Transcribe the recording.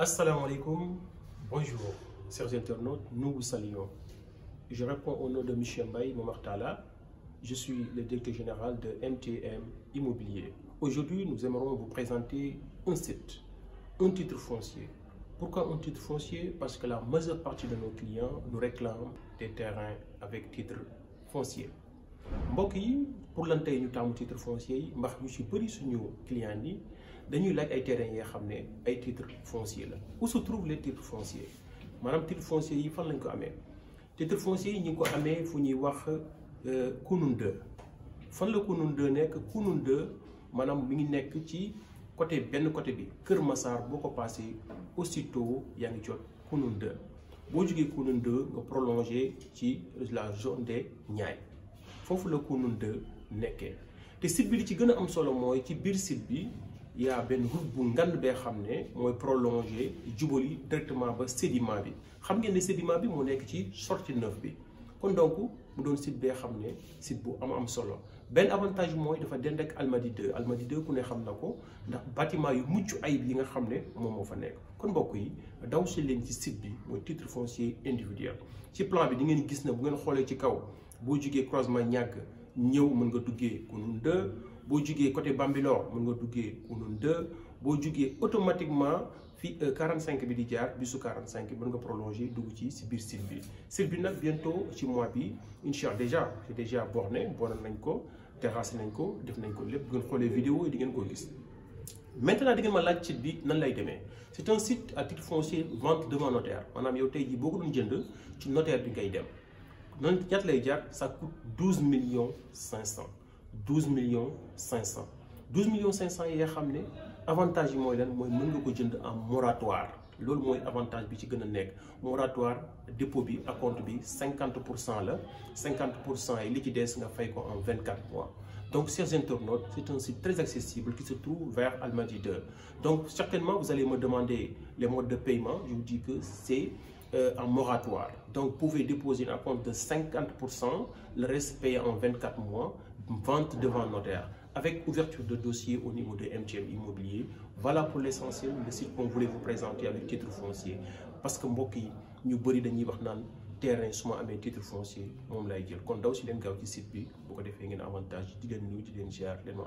Assalamu alaikum, bonjour, chers internautes, nous vous saluons. Je réponds au nom de Michel Mbaye Momartala, je suis le directeur général de MTM Immobilier. Aujourd'hui, nous aimerons vous présenter un site, un titre foncier. Pourquoi un titre foncier Parce que la majeure partie de nos clients nous réclament des terrains avec titre foncier. pour lan ñu titre foncier dañuy avons ay terrains yi nga titres fonciers où se trouvent les titres fonciers Madame titres fonciers yi fan lañ ko amee titres fonciers yi ko amee fu ñuy wax euh, kunun 2 fan la kunun 2 nekk kunun 2 maanaam mi ngi ci côté benn côté bi Kër ko passé aussitôt yaa ngi jot kunun 2 boo kunun 2 nga prolonger ci la zone des ñaay foofu la le 2 nekkee te site bi ci am solo site bi il y a benn route bu ngand be xamné moy prolonger prolongé jubali directement ba sédiment bi xam ngeen né sédiment bi mo nekk ci sortie neuf bi kon donc mu doon site be xamné site bu am am solo ben avantage moy dafa dend ak Almadies 2 Almadies 2 ku ne xam nako ndax bâtiment yu muccu ayib yi nga xamné ne mo fa nekk kon mbokk yi daw ci leen ci site bi moy titre foncier individuel ci plan bi di ngeen gis ne bu ngeen xolé ci kaw boo jugee croisement ñag ñew mën nga duggee Kounoune 2 boo côté Bambilor mon nga duggee Kounoune 2 boo automatiquement fi 45 euh, bi di jaar bisu 45 mën nga prolonger dugg ci ci bir site bi site bi nag bientôt ci mois bi incha déjà j'ai déjà borné borné nañ ko terrassé nañ ko def nañ ko lépp bu ngeen xoolee vidéo yi di ngeen ko gis. maintenant di ngeen ma laaj site bi nan lay demee c'est un site à titre foncier vente devant notaire maanaam yow tey jii boo ko doon jënd ci notaire bi ngay dem noonu ñaata lay jaar ça coûte 12 millions 500. 12 millions 500 12 millions 500 yi y avantage en moratoire le avantage bi ci a nekk moratoire dépôt 50 50 est liquidité en 24 mois donc chers internautes c'est un site très accessible qui se trouve vers almadi 2 donc certainement vous allez me demander les modes de paiement je vous dis que c'est un euh, en moratoire. Donc, vous pouvez déposer un compte de 50%, le reste payé en 24 mois vente devant notaire, avec ouverture de dossier au niveau de MTM Immobilier. Voilà pour l'essentiel le site qu'on voulait vous présenter avec titre foncier. Parce que moi, yi ñu de dañuy wax terrain suma amé titre foncier mom lay jël kon daw ci leen gaaw ci site bi bu ko defee ngeen avantage di leen nuyu di ziar leen ma